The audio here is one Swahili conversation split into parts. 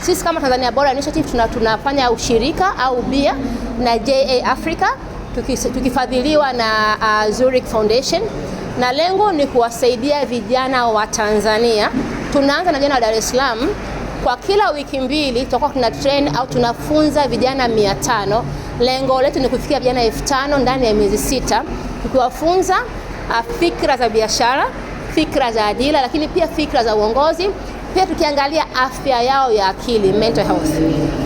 Sisi kama Tanzania Bora Initiative tuna, tunafanya ushirika au bia na JA Africa tukifadhiliwa na uh, Zurich Foundation na lengo ni kuwasaidia vijana wa Tanzania. Tunaanza na vijana wa Dar es Salaam. Kwa kila wiki mbili tutakuwa tuna train au tunafunza vijana mia tano. Lengo letu ni kufikia vijana elfu tano ndani ya miezi sita, tukiwafunza uh, fikra za biashara, fikra za ajira, lakini pia fikra za uongozi pia tukiangalia afya yao ya akili, mental health,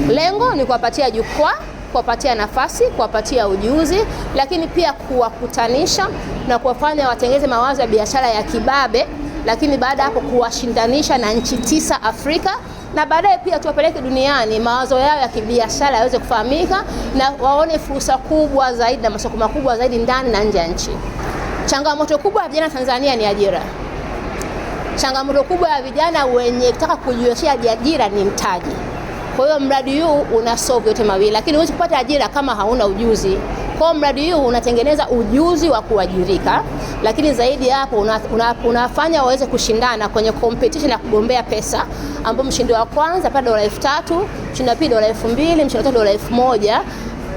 lengo ni kuwapatia jukwaa, kuwapatia nafasi, kuwapatia ujuzi, lakini pia kuwakutanisha na kuwafanya watengeze mawazo ya biashara ya kibabe, lakini baada hapo kuwashindanisha na nchi tisa Afrika na baadaye pia tuwapeleke duniani, mawazo yao ya kibiashara yaweze kufahamika na waone fursa kubwa zaidi na masoko makubwa zaidi ndani na nje ya nchi. Changamoto kubwa ya vijana Tanzania ni ajira. Changamoto kubwa ya vijana wenye kutaka kujiwekea ajira ni mtaji. Kwa hiyo mradi huu una solve yote mawili, lakini huwezi kupata ajira kama hauna ujuzi. Kwa hiyo mradi huu unatengeneza ujuzi wa kuajirika, lakini zaidi ya hapo una, una, unafanya waweze kushindana kwenye competition ya kugombea pesa, ambapo mshindi wa kwanza pata dola elfu tatu mshindi wa pili dola elfu mbili mshindi wa tatu dola elfu moja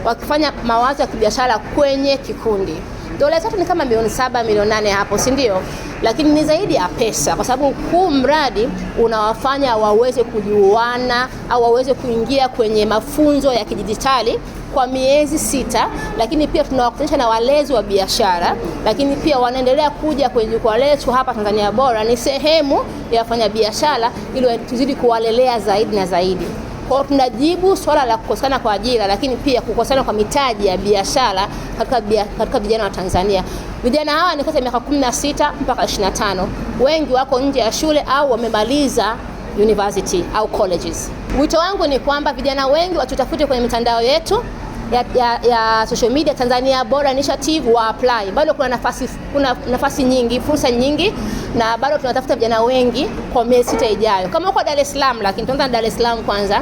wakifanya mawazo ya kibiashara kwenye kikundi. Dola elfu tatu ni kama milioni saba milioni nane hapo, si ndio? lakini ni zaidi ya pesa, kwa sababu huu mradi unawafanya waweze kujuana au waweze kuingia kwenye mafunzo ya kidijitali kwa miezi sita, lakini pia tunawakutanisha na walezi wa biashara, lakini pia wanaendelea kuja kwenye jukwaa letu hapa Tanzania Bora. Ni sehemu ya wafanyabiashara ili tuzidi kuwalelea zaidi na zaidi. Kwa tunajibu swala la kukosekana kwa ajira, lakini pia kukosekana kwa mitaji ya biashara katika katika vijana wa Tanzania. Vijana hawa ni kati ya miaka 16 mpaka 25, wengi wako nje ya shule au wamemaliza university au colleges. Wito wangu ni kwamba vijana wengi watutafute kwenye mitandao yetu ya, ya, ya social media Tanzania Bora Initiative wa apply. Bado kuna nafasi, kuna nafasi nyingi, fursa nyingi na bado tunatafuta vijana wengi kwa miezi sita ijayo. Kama uko Dar es Salaam, lakini tuanza Dar es Salaam kwanza,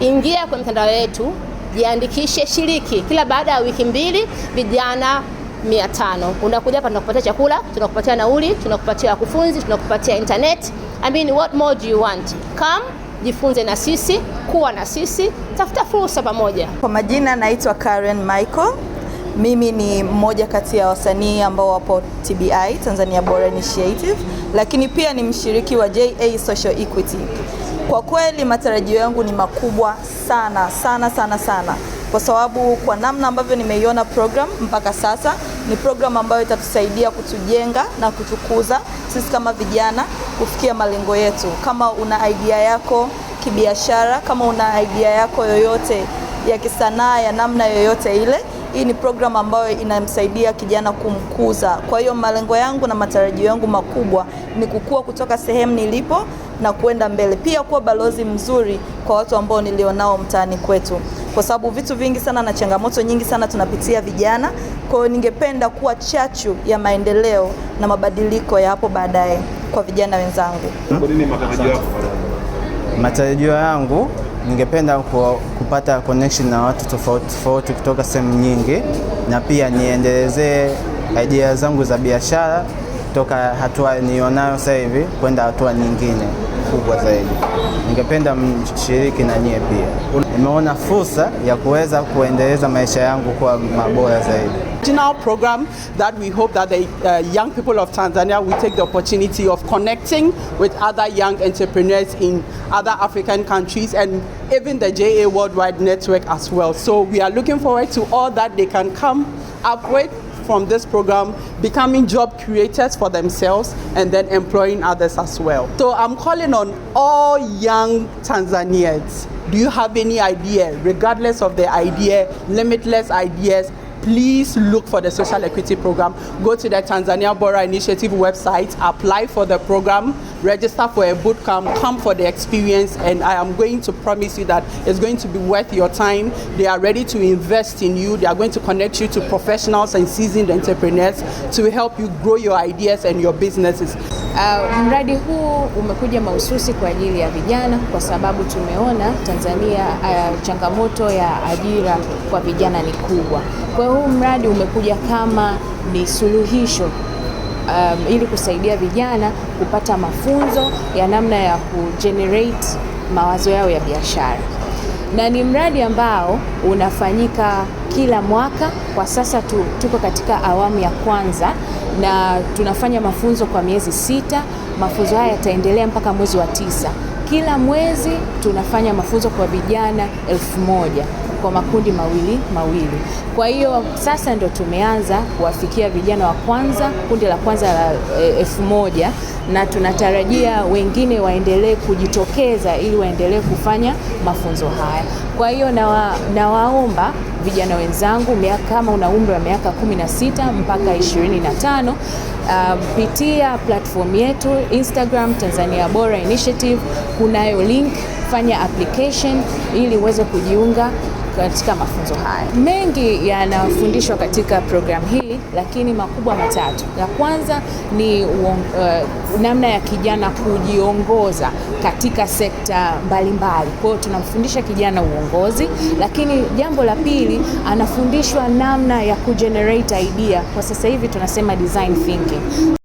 ingia kwenye mtandao yetu, jiandikishe, shiriki. Kila baada ya wiki mbili vijana mia tano unakuja hapa, tunakupatia chakula, tunakupatia nauli, tunakupatia wakufunzi, tunakupatia internet. I mean, what more do you want? Come jifunze na sisi, kuwa na sisi, tafuta fursa pamoja. Kwa majina naitwa Karen Michael. Mimi ni mmoja kati ya wasanii ambao wapo TBI, Tanzania Bora Initiative, lakini pia ni mshiriki wa JA Social Equity. Kwa kweli matarajio yangu ni makubwa sana sana sana sana, kwa sababu kwa namna ambavyo nimeiona program mpaka sasa ni programu ambayo itatusaidia kutujenga na kutukuza sisi kama vijana kufikia malengo yetu. Kama una idea yako kibiashara, kama una idea yako yoyote ya kisanaa ya namna yoyote ile hii ni programu ambayo inamsaidia kijana kumkuza. Kwa hiyo malengo yangu na matarajio yangu makubwa ni kukua kutoka sehemu nilipo na kwenda mbele, pia kuwa balozi mzuri kwa watu ambao nilionao mtaani kwetu, kwa sababu vitu vingi sana na changamoto nyingi sana tunapitia vijana. Kwa hiyo ningependa kuwa chachu ya maendeleo na mabadiliko ya hapo baadaye kwa vijana wenzangu. Hmm? Matarajio yangu ningependa kupata connection na watu tofauti tofauti kutoka sehemu nyingi, na pia niendelezee idea zangu za biashara kutoka hatua nionayo sasa hivi kwenda hatua nyingine kubwa zaidi. Ningependa mshiriki na nyie pia. Nimeona fursa ya kuweza kuendeleza maisha yangu kwa mabora zaidi. National program that we hope that the uh, young people of Tanzania will take the opportunity of connecting with other young entrepreneurs in other African countries and even the JA Worldwide Network as well. So we are looking forward to all that they can come up with. from this program becoming job creators for themselves and then employing others as well. So I'm calling on all young Tanzanians. Do you have any idea, regardless of the idea, limitless ideas, please look for the social equity program. Go to the Tanzania Bora Initiative website, apply for the program, register for a boot camp, come for the experience, and I am going to promise you that it's going to be worth your time. They are ready to invest in you. They are going to connect you to professionals and seasoned entrepreneurs to help you grow your ideas and your businesses. Uh, mradi huu umekuja mahususi kwa ajili ya vijana kwa sababu tumeona Tanzania uh, changamoto ya ajira kwa vijana ni kubwa. Kwa hiyo huu mradi umekuja kama ni suluhisho Um, ili kusaidia vijana kupata mafunzo ya namna ya kugenerate mawazo yao ya biashara na ni mradi ambao unafanyika kila mwaka. Kwa sasa tu, tuko katika awamu ya kwanza na tunafanya mafunzo kwa miezi sita. Mafunzo haya yataendelea mpaka mwezi wa tisa. Kila mwezi tunafanya mafunzo kwa vijana elfu moja kwa makundi mawili mawili. Kwa hiyo sasa ndo tumeanza kuwafikia vijana wa kwanza, kundi la kwanza la e, elfu moja na tunatarajia wengine waendelee kujitokeza ili waendelee kufanya mafunzo haya. Kwa hiyo nawaomba wa, na vijana wenzangu miaka, kama una umri wa miaka 16 mpaka 25, Um, ah, pitia platform yetu Instagram Tanzania Bora Initiative, kunayo link, fanya application ili uweze kujiunga katika mafunzo haya. Mengi yanafundishwa katika programu hii, lakini makubwa matatu. La kwanza ni uong, uh, namna ya kijana kujiongoza katika sekta mbalimbali. Kwa hiyo tunamfundisha kijana uongozi, lakini jambo la pili anafundishwa namna ya kugenerate idea. Kwa sasa hivi tunasema design thinking.